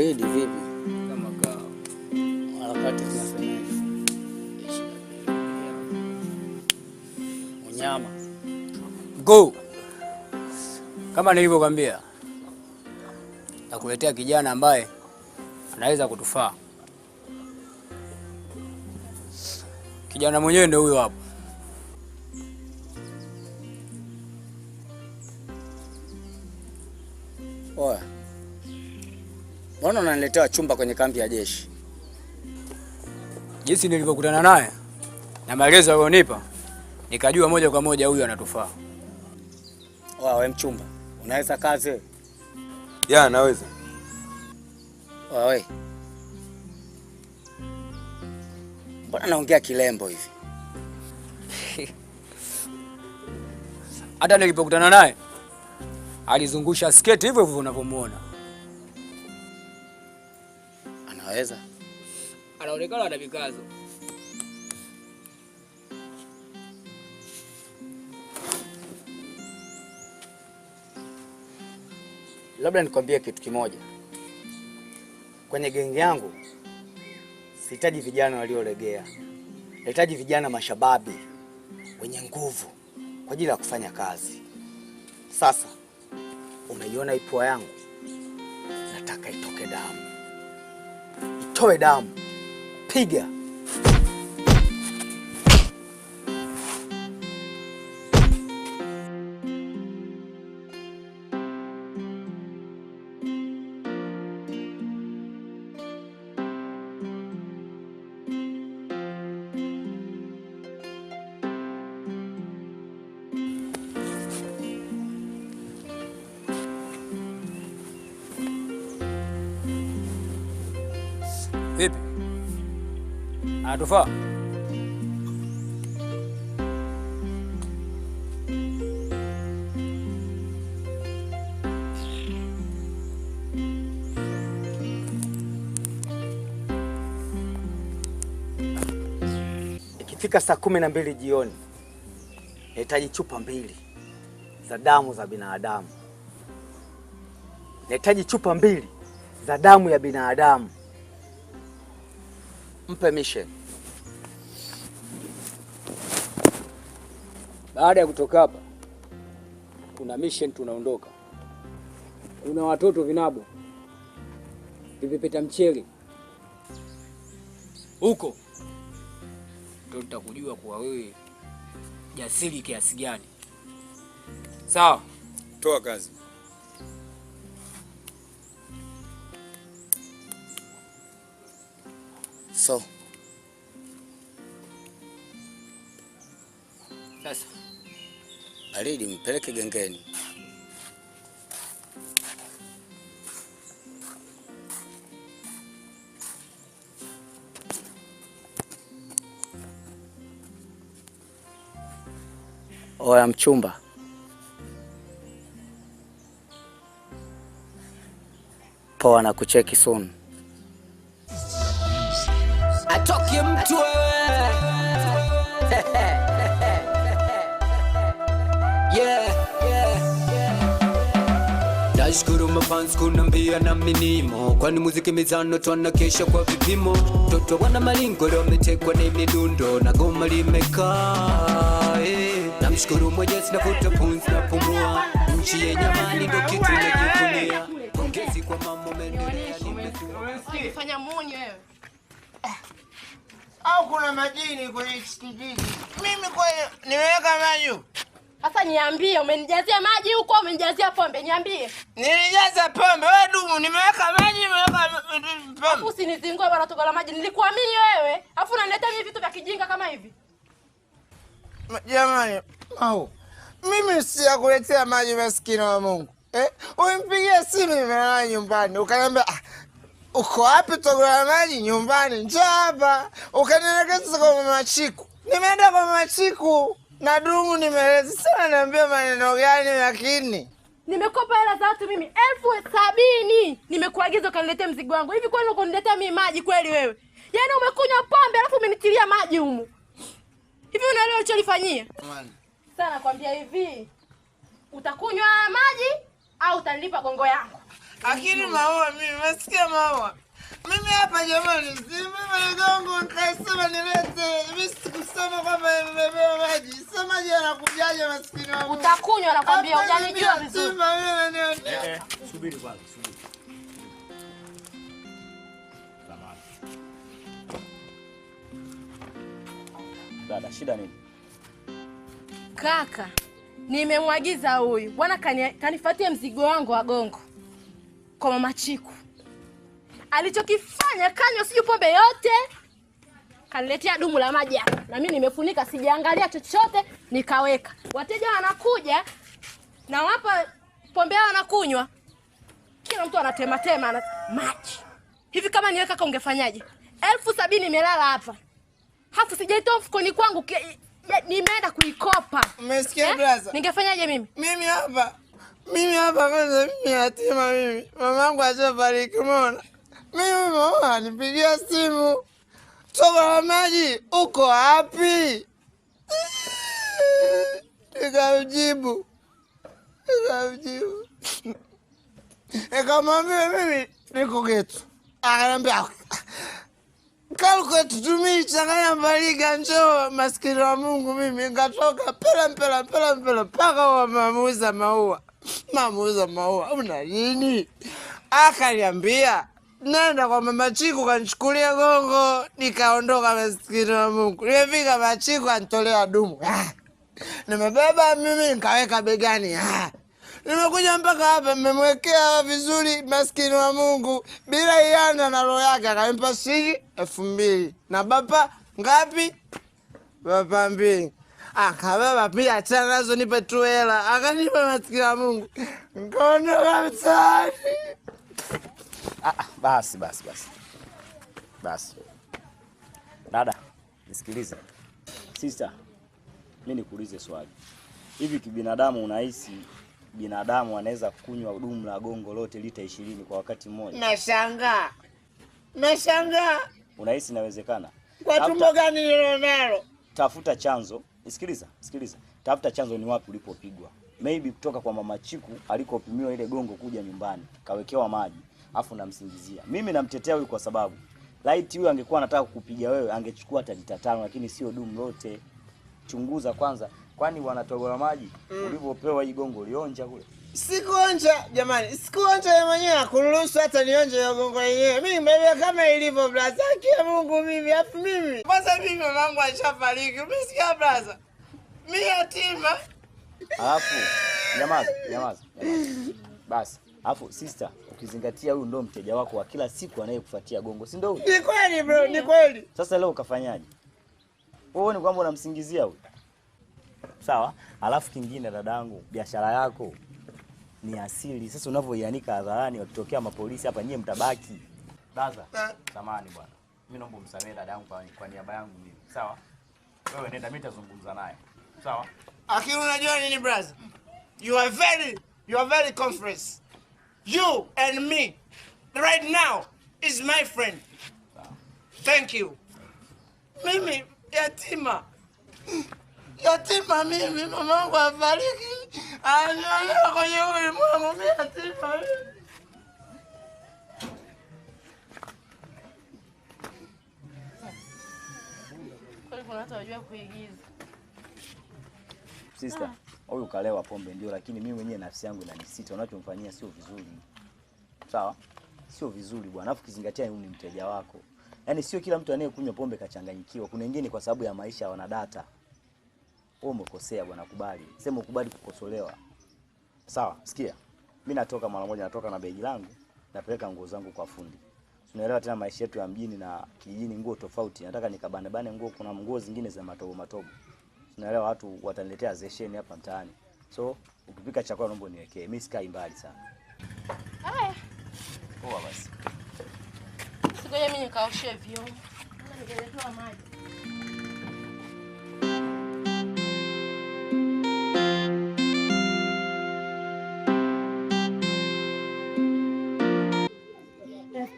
baridi vipi? Kama kawa. Harakati Unyama. Go. Kama nilivyokwambia, nakuletea kijana ambaye anaweza kutufaa. Kijana mwenyewe ndio huyo hapo. Oya. Mbona unaniletea chumba kwenye kambi ya jeshi? Jinsi nilivyokutana naye na maelezo alionipa nikajua moja kwa moja huyu anatufaa. Wewe mchumba, unaweza kazi? Ya, naweza. we mbona naongea kilembo hivi? Hata nilipokutana naye alizungusha sketi hivyo hivyo unavyomuona. Anaweza, anaonekana ana vikazo. Labda nikwambie kitu kimoja, kwenye genge yangu sihitaji vijana waliolegea, nahitaji vijana mashababi wenye nguvu kwa ajili ya kufanya kazi. Sasa umeiona ipua yangu utoe damu, piga Tufa. Ikifika saa kumi na mbili jioni nahitaji chupa mbili za damu za binadamu. Nahitaji chupa mbili za damu ya binadamu. Mpe mission. Baada ya kutoka hapa, kuna mission tunaondoka. Kuna watoto vinabo vipepeta mchele huko, ndio tutakujua kuwa wewe jasiri kiasi gani. Sawa, toa kazi. So sasa Alidi mpeleke gengeni. Oya mchumba, poa na kucheki soon. Atoke mtu wewe. nashukuru mafans kunambia na minimo, kwani muziki mizano twana kesha kwa vipimo. Toto wana malingo leo wametekwa na midundo na goma limekaa eh. Namshukuru Mwenyezi navuta pumzi na pumua, nchi yenye amani ndio kitu najivunia. Pongezi kwa mama au kuna majini kwenye mimi kwa nimeweka maji sasa niambie, umenijazia maji huko, umenijazia pombe? Niambie. Nilijaza pombe wewe, dumu nimeweka maji, nimeweka pombe. Afu Usinizingue bwana, toka la maji. Nilikuamini wewe, afu unaniletea mimi vitu vya kijinga kama hivi. Jamani, au mimi siyakuletea maji, maskini wa Mungu eh? Umpigie simu nimelala nyumbani, ukaniambia ah, uko wapi? Toka la maji nyumbani, njoo hapa. Ukanielekeza kwa mama Chiku, nimeenda kwa mama Chiku Nadumu nimeeleza sana, niambia maneno gani? Lakini nimekopa hela za watu mimi elfu sabini nimekuagiza ukaniletea mzigo wangu. Hivi kwani ukuniletea mimi maji kweli wewe? Yaani umekunywa pombe alafu umenitilia maji humu, hivi unaelewa ulicholifanyia? Sasa nakwambia hivi, utakunywa maji au utanilipa gongo yangu. Akili maua mimi, nasikia maua mimi hapa jamani, nikasema nilete mimi, sikusema kwamba maji. Sasa maji Maskini wangu, utakunywa, nakwambia, hujanijua vizuri. Subiri kwanza, subiri dada, shida nini? Kaka, nimemwagiza huyu bwana kanifatie mzigo wangu wa gongo kwa mama Chiku alichokifanya kanywa sijui pombe yote, kaniletea dumu la maji hapa, na mimi nimefunika, sijaangalia chochote, nikaweka. Wateja wanakuja na wapa pombe yao wanakunywa, kila mtu anatema tema na maji hivi. Kama niweka kaka, ungefanyaje? elfu sabini imelala hapa, hafu sijaitoa mfukoni kwangu nimeenda kuikopa. Umesikia eh? Brother, ningefanyaje mimi mimi hapa mimi hapa kwanza, mimi yatima, mimi mamangu ashafariki, umeona mimi mama anipigia simu, soba la maji uko wapi? Nikamjibu, nikamjibu, nikamwambia mimi niko getu. Akaniambia kalkwetu tumii changanya mbaliga, njoo maskini wa Mungu. Mimi nikatoka pela mpela mpela mpela mpaka mamuza maua mamuza maua, una nini? Akaniambia nenda kwa mama Chiku kanichukulia gongo, nikaondoka. Maskini wa Mungu, nimefika Machiku anitolea dumu ah, nimebeba mimi nikaweka begani ah, nimekuja mpaka hapa, mmemwekea vizuri. Maskini wa Mungu, bila iana na roho yake akampa shilingi elfu mbili na bapa ngapi? Bapa mbili akabeba ah, pia tena nazo nipe tu hela, akanipa. Maskini wa Mungu, nikaondoka mtaani. Ah, ah, basi basi basi basi, dada nisikilize. Sister, mi nikuulize swali, hivi kibinadamu, unahisi binadamu anaweza kunywa dumu la gongo lote lita ishirini kwa wakati mmoja? Nashangaa, nashangaa. Unahisi inawezekana kwa tumbo gani hilo Tafuta chanzo, nisikiliza, sikiliza, tafuta chanzo ni wapi ulipopigwa, maybe kutoka kwa mama Chiku alikopimiwa ile gongo kuja nyumbani, kawekewa maji afu namsingizia. Mimi namtetea huyu kwa sababu light huyu angekuwa anataka kukupiga wewe angechukua hata lita tano, lakini sio dumu lote. Chunguza kwanza, kwani wanatogola maji mm. Ulivyopewa hii gongo ulionja kule? Sikuonja jamani, sikuonja ya mwenyewe akuruhusu hata nionje ya gongo yenyewe. Mimi mbele kama ilivyo blaza, kia Mungu mimi afu mimi kwanza, mimi mamangu alishafariki, mimi sikia blaza, mimi yatima. Alafu nyamaza, nyamaza basi. Alafu sister, ukizingatia huyu ndo mteja wako wa kila siku anayekufuatia gongo, si ndio? Ni kweli bro, ni kweli. Sasa leo ukafanyaje? Wewe ni kwamba unamsingizia huyu. Sawa. Alafu kingine dadangu, biashara yako ni asili. Sasa unavyoianika hadharani, wakitokea mapolisi hapa, nyie mtabaki. Sasa eh. samani bwana, mimi naomba umsamehe dadangu kwa, kwa niaba yangu mimi. Sawa, wewe nenda, mimi nitazungumza naye. Sawa. Akili, unajua nini brother, you are very your very conference. You and me, right now, is my friend. Thank you. Mimi, yatima. Yatima mimi, mama wangu afariki. Anyonya kwenye ulimwengu mimi yatima mimi. Kuna watu wajua kuigiza. Sister. Ah. huyu kalewa pombe ndio, lakini mimi mwenyewe nafsi yangu inanisita, unachomfanyia sio vizuri. Sawa, sio vizuri bwana, afu kizingatia ni mteja wako. Yaani sio kila mtu anayekunywa pombe kachanganyikiwa. Kuna wengine kwa sababu ya maisha wana data. Wewe umekosea bwana, kubali. Sema ukubali kukosolewa. Sawa, sikia. Mimi natoka mara moja, natoka na begi langu, napeleka nguo zangu kwa fundi. Tunaelewa tena maisha yetu ya mjini na kijijini, nguo tofauti. Nataka nikabandabane nguo, kuna nguo zingine za matobo matobo na watu wataniletea zesheni hapa mtaani, so ukipika chakula naomba niwekee, mimi sikai mbali sana. Haya, poa basi, sigoje mimi nikaoshe vyombo, ningeletewa maji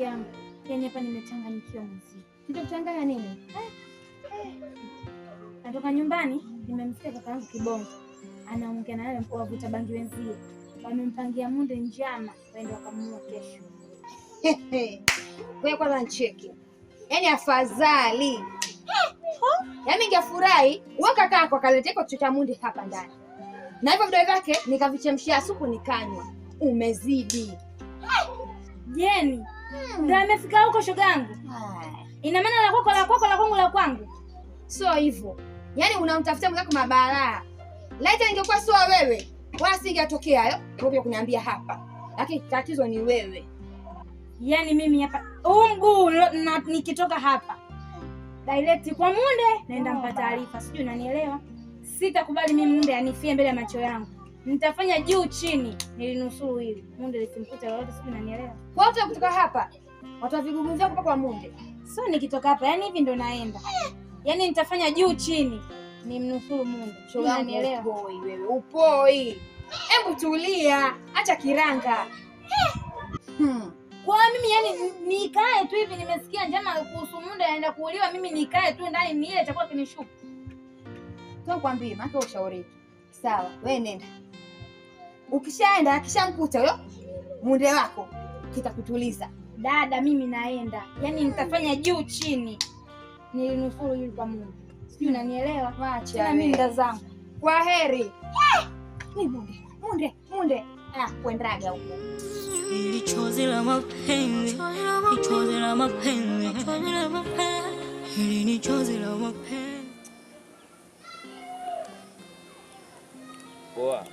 yangu. Yani hapa nimechanganyikiwa mzee. Nitachanganya nini? Eh, eh. Natoka nyumbani, nimemsikia kaka yangu Kibongo anaongea na wavuta bangi wenzie, wamempangia munde njama waende wakamua kesho. Wewe kwanza nicheki, yaani afadhali yaani ngefurahi wewe kaka yako akaleta iko kichwa munde hapa ndani na hivyo vidole vyake nikavichemshia supu nikanywa. Umezidi Jeni, hmm. ndio amefika huko shogangu. Ina maana la kwako la kwako la kwangu la kwangu, sio hivyo? Yaani unamtafutia mwenzako mabalaa. Laiti ingekuwa sio wewe, wala singetokea hayo. Eh? Ngoja kuniambia hapa. Lakini tatizo ni wewe. Yaani mimi hapa huu mguu nikitoka hapa direct kwa Munde naenda mpa taarifa. Sijui unanielewa? Sitakubali mimi Munde anifie mbele ya macho yangu. Nitafanya juu chini nilinusuru hili. Munde lisimkute lolote, sijui unanielewa? Kwa hiyo kutoka hapa watu wa vigugu vyako kwa Munde. Sio nikitoka hapa, yaani hivi ndo naenda yaani nitafanya juu chini nimnusuru Mungu. Upoi wewe, upoi. Hebu tulia, acha kiranga hmm. Kwa mimi yani nikae tu hivi, nimesikia njama kuhusu Munda anaenda kuuliwa, mimi nikae tu ndani niile chakula kinishuku. Kwambie maana ushauri. Sawa, wewe nenda, ukishaenda akishamkuta huyo munde wako kitakutuliza. Dada, mimi naenda, yaani nitafanya juu chini nilinusuru yule kwa Mungu, sijui hmm. unanielewa? Wacha tena mimi nda zangu, kwa heri. Ah! Munde munde munde, ah, kuendaga huko ili chozi la mapenzi, chozi la mapenzi, chozi la mapenzi, ili ni chozi la mapenzi. Poa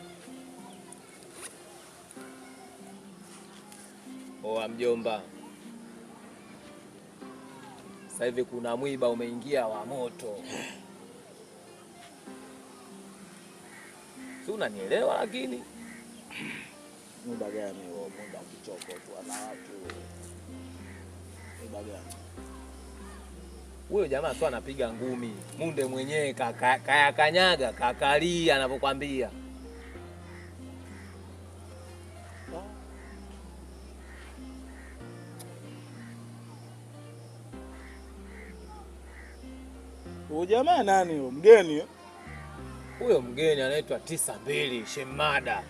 poa, mjomba. Sasa hivi kuna mwiba umeingia wa moto, si unanielewa? Lakini mwiba gani huo? Mwiba kichoko tu ana watu. Mwiba gani huyo? Jamaa tu anapiga ngumi munde mwenyewe kanyaga kakalia anapokwambia. huyo jamaa nani huyo? Mgeni eh? huyo, mgeni anaitwa tisa mbili Shemada.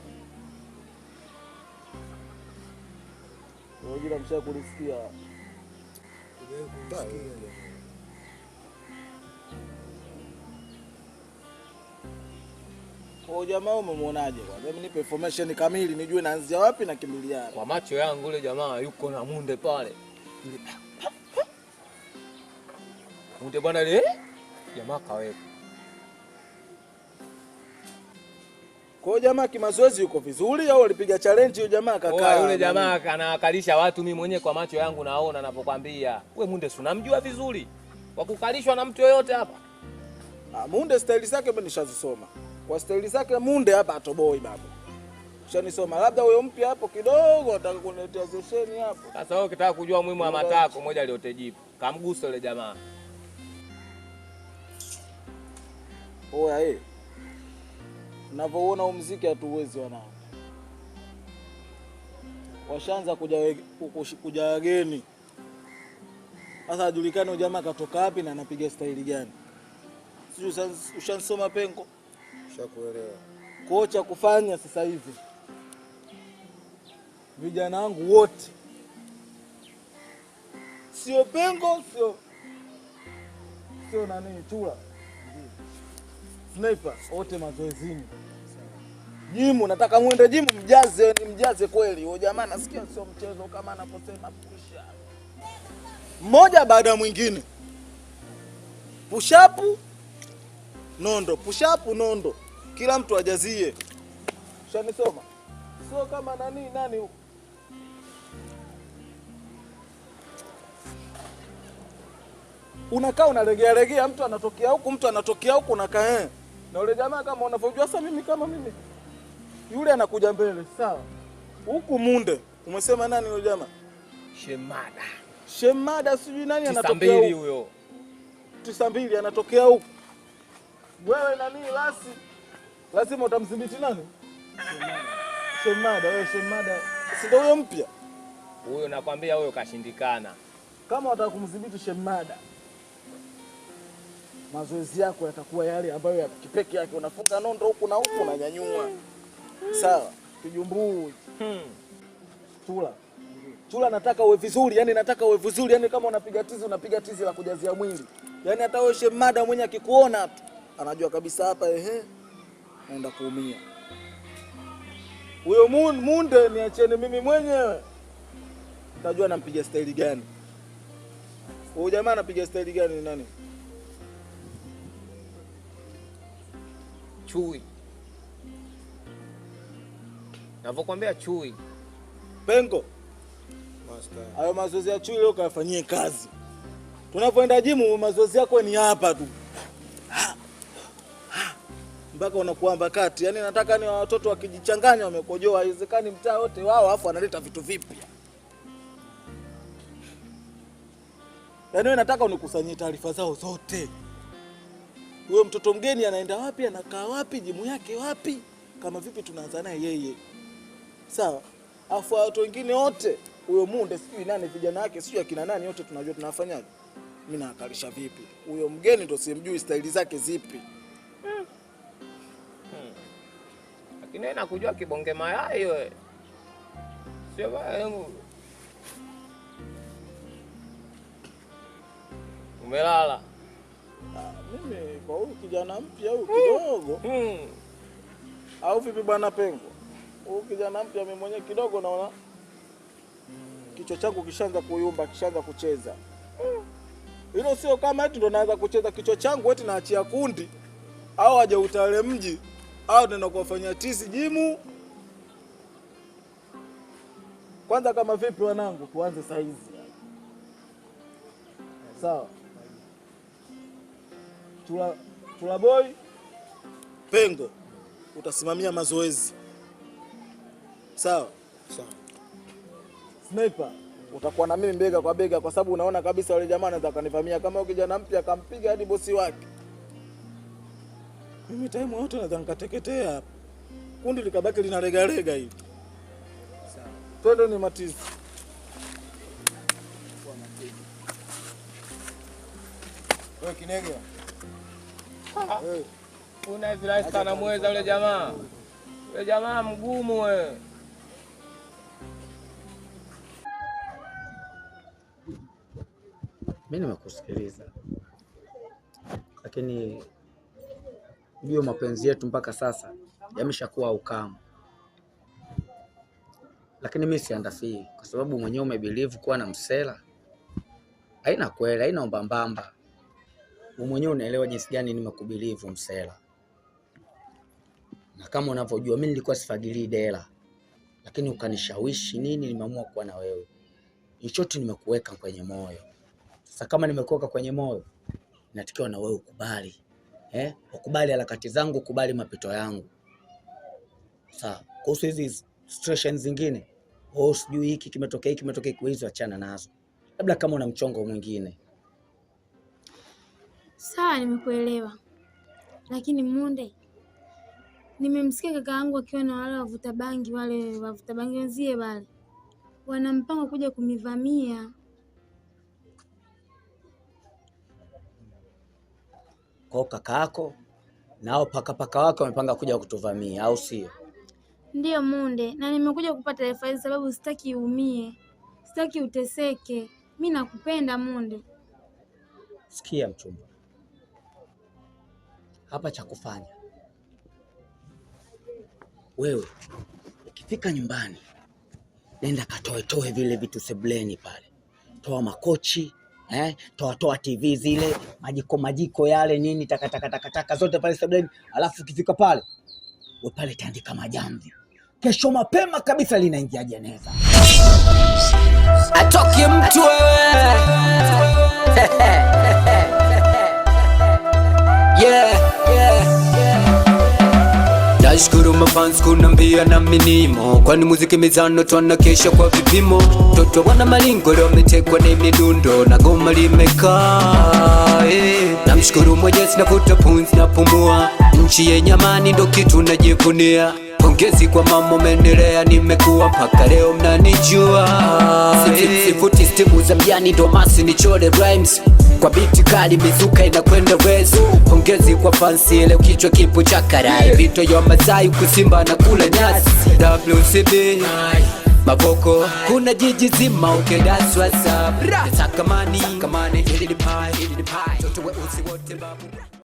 Jina msha kulisikia? Kwa jamaa umemwonaje? Kwanza nipe information kamili nijue naanzia wapi na kimbilia Kwa macho yangu yule jamaa yuko na munde pale. Munde bwana ile eh? jamaa kaweka. Kwa hiyo jamaa kimazoezi yuko vizuri au alipiga challenge yule jamaa kakaa? Yule jamaa kanawakalisha watu, mimi mwenyewe kwa macho yangu naona ninapokuambia. Wewe Munde si unamjua vizuri. kukalishwa na mtu yoyote hapa? Ah, Munde style zake mimi nishazisoma. Kwa style zake Munde hapa atoboi babu. Ushanisoma. Labda huyo mpya hapo kidogo ataka kuniletea zesheni hapo. Sasa wewe ukitaka kujua muhimu wa matako moja aliyotejipa. Kamgusa yule jamaa. Oya eh. Unavyoona huu mziki hatuwezi wanangu. Washaanza kuja kuja wageni. Sasa ajulikane ujama katoka wapi na anapiga staili gani. Sijui ushansoma pengo. Ushakuelewa. Kocha kufanya sasa hivi. Vijana wangu wote sio pengo, sio sio nani chula Sniper wote mazoezini. Jimu nataka muende jimu mjaze, ni mjaze kweli. Huyo jamaa nasikia sio mchezo kama anaposema push up. Mmoja baada ya mwingine. Push up nondo, push up nondo. Kila mtu ajazie. Ushanisoma? Sio kama nani nani huko. Unakaa unalegea legea, mtu anatokea huku, mtu anatokea huku, unakaa eh na yule jamaa kama unavyojua sasa, mimi kama mimi yule anakuja mbele, sawa huku munde. Umesema nani yule jamaa? Shemada, Shemada sijui nani anatokea huyo, tisa mbili anatokea huku. Wewe mimi lasi lazima utamdhibiti nani? Shemada, wewe, Shemada si ndio huyo mpya huyo? Nakwambia huyo kashindikana. Kama wataka kumdhibiti Shemada mazoezi yako yatakuwa yale ambayo ya kipeke yake, unafunga nondo huku na huku nyanyua. sawa? Kijumbuu hmm. Chula nataka uwe vizuri, yani nataka uwe vizuri, yani kama unapiga tizi, unapiga tizi la kujazia mwili, yani hata wewe shemada mwenye akikuona tu anajua kabisa hapa, ehe, naenda kuumia. Huyo munde niacheni mimi mwenyewe, tajua nampiga staili gani huyo jamaa, anapiga staili gani nani chui. Navyokwambia chui pengo Master. Hayo mazoezi ya chui leo kayafanyie kazi. Tunapoenda jimu mazoezi yako ni hapa tu mpaka unakuamba kati. Yaani nataka ni watoto wakijichanganya wamekojoa, haiwezekani mtaa wote wao afu analeta vitu vipya. Yaani wewe nataka unikusanyie taarifa zao zote huyo mtoto mgeni anaenda wapi, anakaa wapi, jimu yake wapi, kama vipi tunaanza naye yeye, sawa. Afu watu wengine wote, huyo munde sijui nani, vijana wake sijui akina nani, wote tunajua tunafanyaje, mimi naakalisha vipi. Huyo mgeni ndo simjui staili zake zipi. hmm. Hmm. Lakini nakujua kibonge mayai wewe, sio baya yangu umelala mimi kwa huyu kijana mpya huyu hmm. kidogo mm. au vipi bwana Pengo? Huyu kijana mpya mimi mwenyewe kidogo naona mm. kichwa changu kishaanza kuyumba, kishaanza kucheza hmm. hilo sio kama eti ndo naanza kucheza kichwa changu eti naachia kundi au utale mji au nenda kuwafanyia tisi jimu. Kwanza kama vipi wanangu, tuanze saizi sawa? Tula, Tula Boy Pengo utasimamia mazoezi sawa sawa. Sniper utakuwa na mimi bega kwa bega, kwa sababu unaona kabisa wale jamaa anaweza kanivamia. Kama kijana mpya akampiga hadi bosi wake, mimi time yote naweza nikateketea, kundi likabaki linaregarega hivi. Sawa, twende ni matizi wewe Ah. Una virasi sana mweza yule jamaa. Yule jamaa mgumu wewe. Mimi nimekusikiliza, lakini hiyo mapenzi yetu mpaka sasa yameshakuwa ukamu, lakini mimi siandafii, kwa sababu mwenyewe umebelieve kuwa na msela haina kweli, haina umbambamba wewe mwenyewe unaelewa jinsi gani makubilivu msela, na kama unavyojua mimi nilikuwa sifagilii dela, lakini ukanishawishi nini, nimeamua kuwa na wewe. Ichoti nimekuweka kwenye moyo. Sasa kama nimekuweka kwenye moyo, natakiwa na wewe ukubali, eh? Ukubali harakati zangu, ukubali mapito yangu. Sasa kuhusu hizi situations zingine, oh, sijui hiki kimetokea, hiki kimetokea, hizo achana nazo, labda kama una mchongo mwingine Sawa, nimekuelewa, lakini Munde, nimemsikia kaka yangu akiwa na wale wavuta bangi, wale wavuta bangi wenzie wale wana mpango kuja kunivamia. Kwa kaka yako nao pakapaka wake wamepanga kuja kutuvamia, au sio? Ndiyo Munde, na nimekuja kupata taarifa hizi sababu sitaki uumie, sitaki uteseke. Mi nakupenda Munde. Sikia mchumba hapa cha kufanya wewe, ukifika nyumbani, nenda katoetoe vile vitu sebleni pale, toa makochi eh, toa toa TV zile, majiko majiko yale nini, takataka takataka zote pale sebleni. Alafu ukifika pale, we pale taandika majamvi, kesho mapema kabisa linaingia jeneza. Atoki mtu wewe Nashukuru mafans kunambia na minimo, kwani muziki mizano kesha kwa vipimo. Toto wana malingo leo wametekwa na midundo na goma limekaa eh. Namshukuru Mwenyezi na kuta pumzi na pumua, nchi yenye amani ndo kitu najivunia. Pongezi kwa mama, umeendelea nimekuwa mpaka leo mnanijua. Eh. Sifuti stimu za mjani ndo masi nichore rhymes kwa biti kali mizuka inakwenda wezu. pongezi kwa fansi ile kichwa kipo cha karai, vito ya Masai kusimba na kula nyasi WCB maboko kuna jiji zima Saka mani Saka mani Hili ni pai Hili ni pai toto we usi wote babu